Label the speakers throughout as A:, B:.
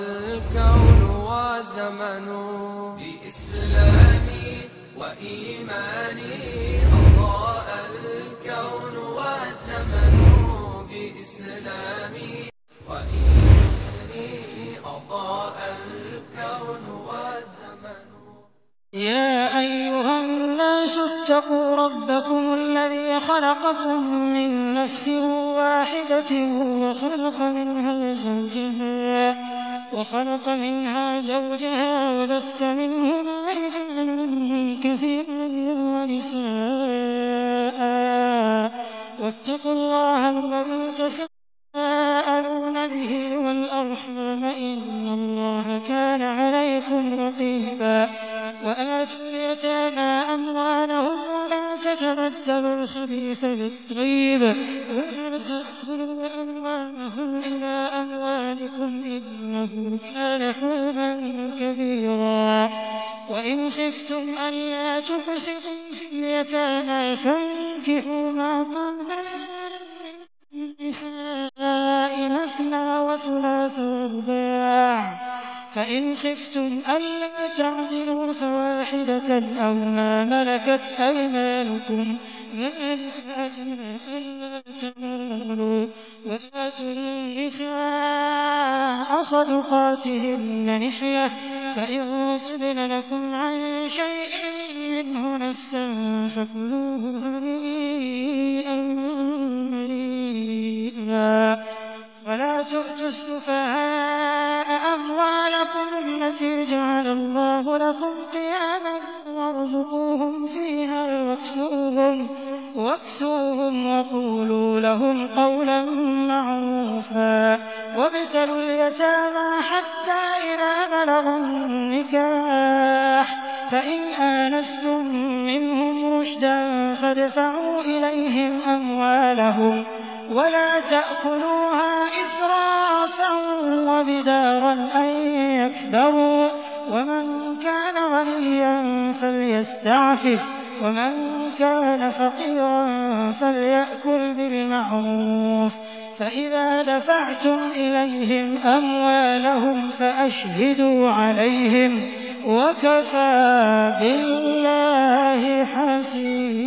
A: الكون وزمن بإسلامي وإيماني أضاء الكون والزمن بإسلامي وإيماني أضاء الكون والزمن
B: يا أيها الناس اتقوا ربكم الذي خلقكم من نفس واحدة وخلق منها زوجها وخلق منها زوجها وبث منهما رجالا كثيرا ونساء واتقوا الله الذي تساءلون به والأرحام إن الله كان عليكم رقيبا وآتوا اليتامى أموالهم تتبدل الخبيث للطيب وأنهم إلى أموالكم إنه كان حوبا كبيرا وإن خفتم ألا تقسطوا في اليتامى فانكحوا ما طاب لكم من النساء مثنى وثلاث رباع فإن خفتم ألا تعملوا فواحدة أو ما ملكت أيمانكم ألا تعملوا وآتوا النساء صدقاتهن نحية فإن تبن لكم عن شيء منه نفسا فكلوه هنيئا مريئا ولا تؤتوا السفهاء التي جعل الله لكم قياما وارزقوهم فيها واكسوهم واكسوهم وقولوا لهم قولا معروفا وابتلوا اليتامى حتى إذا بلغوا النكاح فإن آنستم منهم رشدا فادفعوا إليهم أموالهم ولا تأكلوها إسرافا وبدارا أن يكبروا ومن كان غنيا فليستعفف ومن كان فقيرا فليأكل بالمعروف فإذا دفعتم إليهم أموالهم فأشهدوا عليهم وكفى بالله حسيبا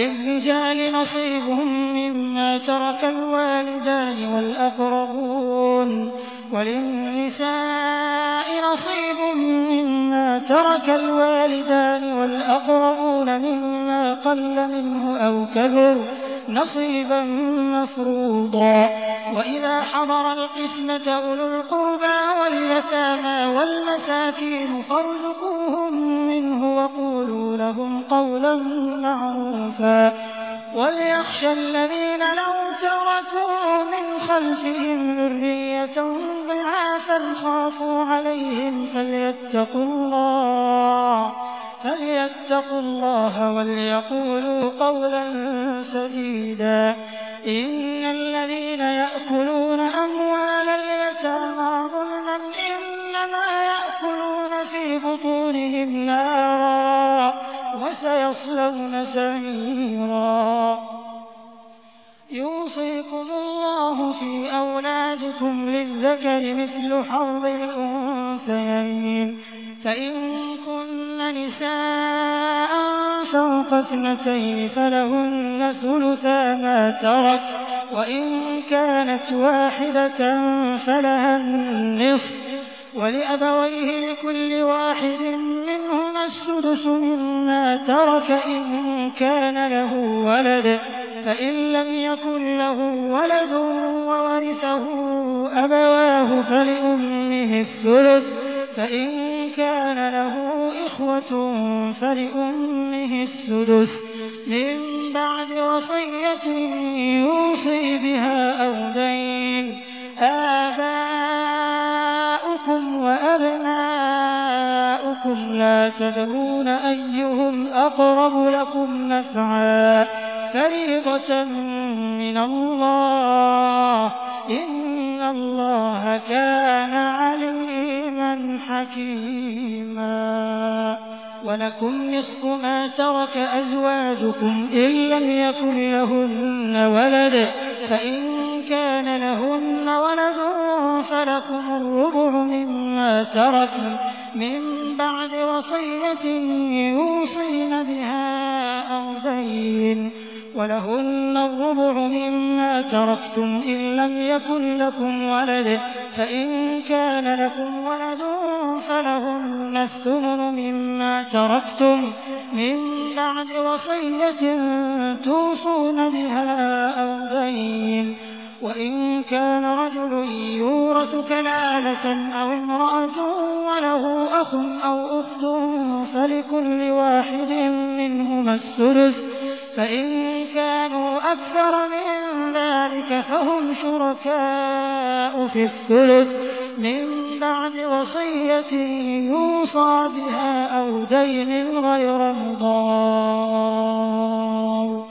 B: للرجال نصيب مما ترك الوالدان والأقربون وللنساء نصيب مما ترك الوالدان والأقربون مما قل منه أو كبر نصيبا مفروضا وإذا حضر القسمة أولو القربى واليتامى والمساكين فارزقوهم منه وقولوا لهم قولا معروفا وليخشى الذين لو تركوا من خلفهم ذرية ضعافا خافوا عليهم فليتقوا الله فليتقوا الله وليقولوا قولا سديدا إن الذين يأكلون أموال اليتامى ظلما إنما يأكلون في بطونهم نارا سيصلون سعيرا يوصيكم الله في أولادكم للذكر مثل حظ الأنثيين فإن كن نساء فوق اثنتين فلهن ثلثا ما ترك وإن كانت واحدة فلها النصف ولأبويه لكل واحد منهما السدس مما ترك إن كان له ولد فإن لم يكن له ولد وورثه أبواه فلأمه الثلث فإن كان له إخوة فلأمه السدس من بعد وصية يوصي بها أو دين آبان ولا تدرون أيهم أقرب لكم نفعا فريضة من الله إن الله كان عليما حكيما ولكم نصف ما ترك أزواجكم إن لم يكن لهن ولد فإن كان لهن ولد فلكم الربع مما تركن من بعد وصية يوصين بها أو دين ولهن الربع مما تركتم إن لم يكن لكم ولد فإن كان لكم ولد فلهن الثمن مما تركتم من بعد وصية توصون بها أو دين وإن كان رجل يورث كلالة أو امرأة وله أخ أو أخت فلكل واحد منهما السدس فإن كانوا أكثر من ذلك فهم شركاء في الثلث من بعد وصية يوصى بها أو دين غير مضار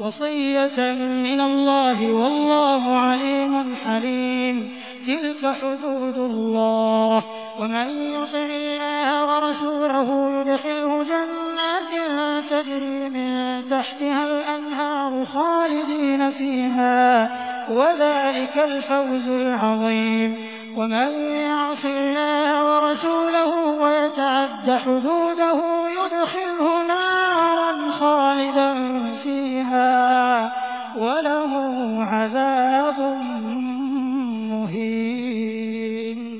B: وصية من الله والله عليم حليم تلك حدود الله ومن يطع الله ورسوله يدخله جنات تجري من تحتها الأنهار خالدين فيها وذلك الفوز العظيم ومن يعص الله ورسوله ويتعد حدوده يدخله نارا فيها وله عذاب مهين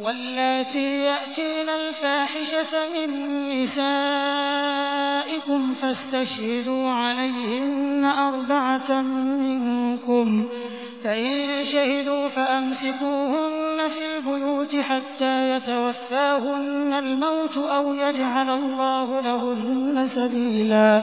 B: واللاتي يأتين الفاحشة من نسائهم لكم فاستشهدوا عليهن أربعة منكم فإن شهدوا فأمسكوهن في البيوت حتى يتوفاهن الموت أو يجعل الله لهن سبيلا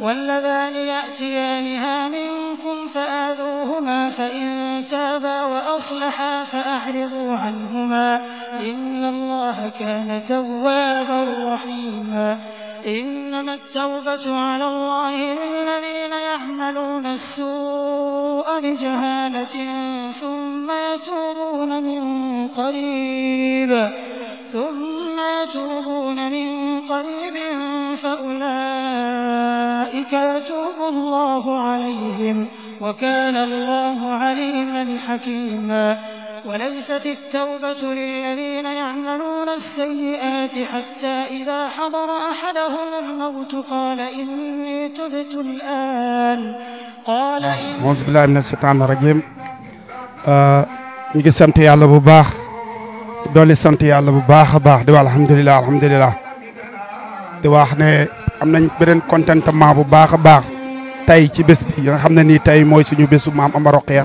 B: واللذان يأتيانها منكم فآذوهما فإن تابا وأصلحا فأعرضوا عنهما إن الله كان توابا رحيما إنما التوبة على الله للذين يعملون السوء بجهالة ثم يتوبون من قريب ثم يتوبون من قريب فأولئك يتوب الله عليهم وكان الله عليما حكيما وليست التوبة للذين يعملون السيئات حتى إذا حضر أحدهم الموت قال إني تبت الآن
A: قال أعوذ بالله من الشيطان الرجيم ñu ngi sant yàlla bu baax dooli sant yàlla bu baax a baax di wax alhamdulilah alhamdulilah di wax ne am nañ beneen contentement bu baax a baax tey ci bés bi nga xam ne nii tey mooy suñu bésu maam Ama Roqaya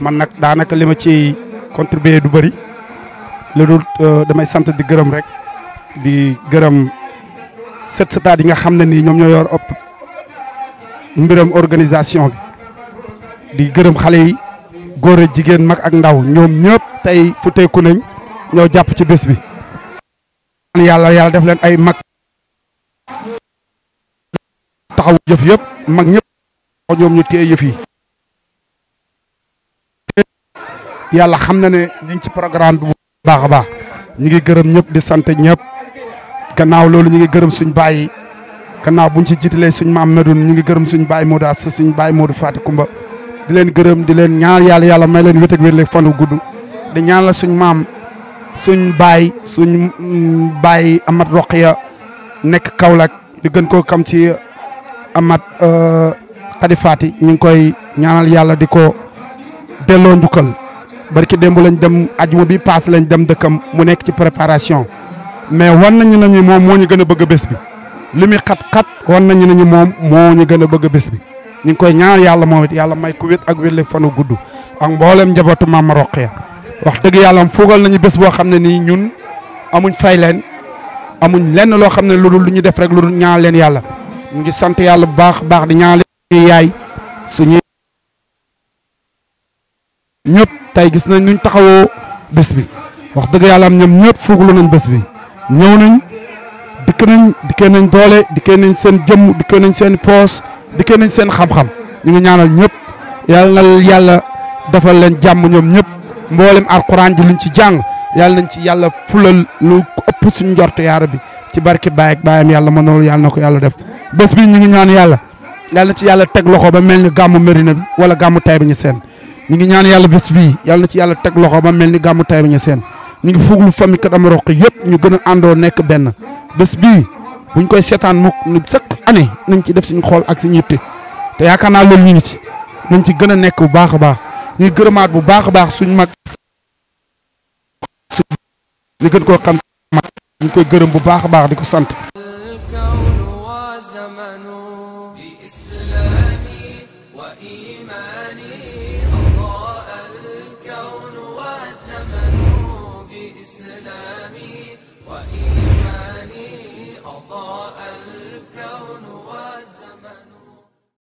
A: man nag daanaka li ma ci contribuer du bëri lu dul euh, damay sant di gërëm rek di gërëm set setaat yi nga xam ne nii ñoom ñoo yor ëpp mbiram organisation bi di gërëm xale yi góor a jigéen mag ak ndaw ñoom ñëpp tey fu teeku nañ ñoo jàpp ci bés bi yàlla yàlla def leen ay mag taxaw jëf yëpp mag ñëpp ñoom ñu téye yëf yi yàlla xam na ne ñu ngi ci programme bi bu baax a baax ñu ngi gërëm ñëpp di sant ñëpp gannaaw loolu ñu ngi gërëm suñ bàyyi gannaaw buñ ci jiitalee suñ maam Medoune ñu ngi gërëm suñ bàyyi Modou Assa suñ bàyyi Modou Fatou Kumba di leen gërëm di leen ñaanal yàlla yàlla may leen wét ak wér leen fan gudd di ñaanal suñ maam suñ baay suñ mm, baay Amat Roqiya nekk Kaolack di gën koo kam ci Amat Xadi euh, Faati ñu ngi koy ñaanal yàlla di ko delloo njukkal barki démb lañ dem ajuma bi paas lañ dem dëkkam mu nekk ci préparation mais wan nañu nañu moom moo ñu gën a bëgg bés bi li muy xat-xat wan nañu nañu moom ñu gën a bëgg bés bi ñu ngi koy ñaan yàlla moom yàlla may ku wét ak wélle fanu gudd ak mboolem njabootu maam ya wax dëgg yàlla fugal nañu bés boo xam ne nii ñun amuñ fay leen amuñ lenn loo xam ne lu dul lu ñu def rek lu dul ñaan leen yàlla ñu ngi sant yàlla bu baax baax di ñaan leen yaay suñuy ñëpp tey gis nañ nuñ taxawoo bés bi wax dëgg yàlla am ñoom ñëpp fuuglu nañ bés bi ñëw nañ dikk nañ dikkee nañ doole dikkee nañ seen jëmm dikkee nañ seen poos dikkee nañ seen xam-xam ñu ngi ñaanal ñëpp yàlla na yàlla defal leen jàmm ñoom ñëpp mboolem alxuraan ji luñ ci jàng yàlla nañ ci yàlla fulal lu ëpp suñ njort yaara bi ci barki baay ak baayam yàlla ma noonu yàlla na ko yàlla def bés bi ñu ngi ñaan yàlla yàlla ci yàlla teg loxo ba mel ni gàmmu Medina bi wala gàmmu Taïba Niassène ñu ngi ñaan yàlla bés bii yàlla na ci yàlla teg loxo ba mel ni gàmmu tay bi seen ñu ngi fuglu famille Keur Dama Roqe yëpp ñu gën a àndoo nekk benn bés bii buñ koy seetaan mukk nu chaque année nañ ci def suñu xool ak suñu yitte te yaakaar naa loolu ñu ngi ci nañ ci gën a nekk bu baax a baax ñuy gërëmaat bu baax a baax suñ mag ñu gën koo xam mag ñu koy gërëm bu baax a baax di ko sant